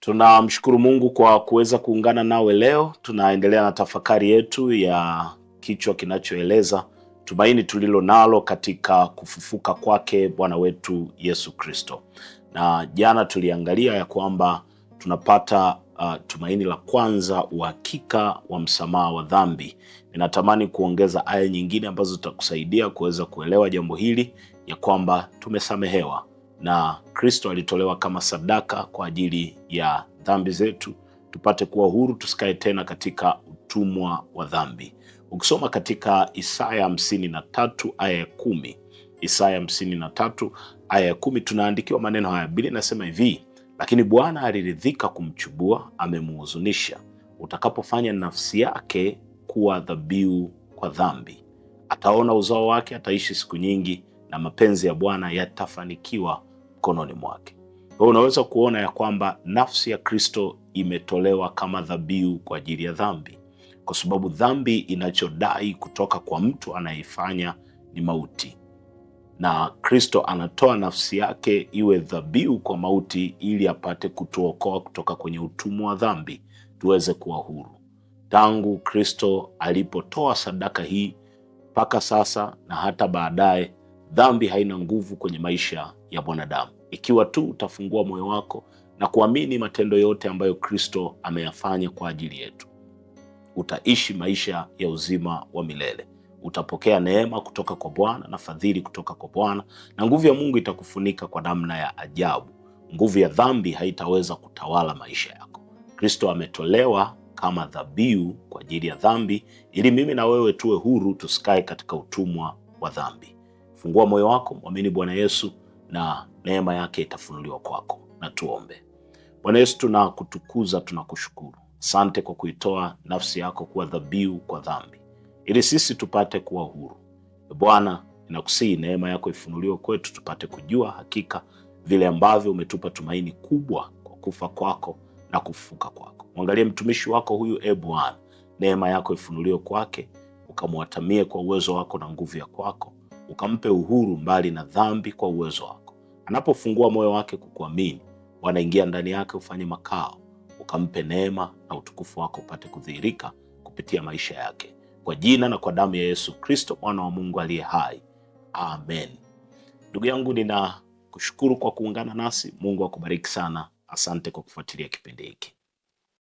Tunamshukuru Mungu kwa kuweza kuungana nawe leo. Tunaendelea na tafakari yetu ya kichwa kinachoeleza tumaini tulilo nalo katika kufufuka kwake Bwana wetu Yesu Kristo. Na jana tuliangalia ya kwamba tunapata uh, tumaini la kwanza, uhakika wa msamaha wa dhambi. Ninatamani kuongeza aya nyingine ambazo zitakusaidia kuweza kuelewa jambo hili, ya kwamba tumesamehewa na Kristo alitolewa kama sadaka kwa ajili ya dhambi zetu, tupate kuwa huru, tusikae tena katika utumwa wa dhambi. Ukisoma katika Isaya hamsini na tatu aya ya kumi Isaya hamsini na tatu aya ya kumi tunaandikiwa maneno haya. Biblia inasema hivi lakini Bwana aliridhika kumchubua, amemuhuzunisha. Utakapofanya nafsi yake kuwa dhabihu kwa dhambi, ataona uzao wake ataishi siku nyingi, na mapenzi ya Bwana yatafanikiwa mkononi mwake. Kwa hiyo unaweza kuona ya kwamba nafsi ya Kristo imetolewa kama dhabihu kwa ajili ya dhambi, kwa sababu dhambi inachodai kutoka kwa mtu anayeifanya ni mauti na Kristo anatoa nafsi yake iwe dhabihu kwa mauti ili apate kutuokoa kutoka kwenye utumwa wa dhambi tuweze kuwa huru. Tangu Kristo alipotoa sadaka hii mpaka sasa na hata baadaye, dhambi haina nguvu kwenye maisha ya mwanadamu, ikiwa tu utafungua moyo wako na kuamini matendo yote ambayo Kristo ameyafanya kwa ajili yetu, utaishi maisha ya uzima wa milele utapokea neema kutoka kwa Bwana na fadhili kutoka kwa Bwana, na nguvu ya Mungu itakufunika kwa namna ya ajabu. Nguvu ya dhambi haitaweza kutawala maisha yako. Kristo ametolewa kama dhabihu kwa ajili ya dhambi, ili mimi na wewe tuwe huru, tusikae katika utumwa wa dhambi. Fungua moyo wako, mwamini Bwana Yesu na neema yake itafunuliwa kwako. Na tuombe. Bwana Yesu, tunakutukuza, tunakushukuru. Asante kwa kuitoa nafsi yako kuwa dhabihu kwa dhambi ili sisi tupate kuwa huru. Bwana, ninakusihi neema yako ifunuliwe kwetu, tupate kujua hakika vile ambavyo umetupa tumaini kubwa kwa kufa kwako na kufuka kwako. Mwangalie mtumishi wako huyu, e Bwana, neema yako ifunuliwe kwake, ukamwatamie kwa uwezo wako na nguvu ya kwako, ukampe uhuru mbali na dhambi kwa uwezo wako. Anapofungua moyo wake kukuamini, wanaingia ndani yake, ufanye makao, ukampe neema na utukufu wako upate kudhihirika kupitia maisha yake kwa jina na kwa damu ya Yesu Kristo mwana wa Mungu aliye hai, amen. Ndugu yangu, nina kushukuru kwa kuungana nasi. Mungu akubariki sana. Asante kwa kufuatilia kipindi hiki.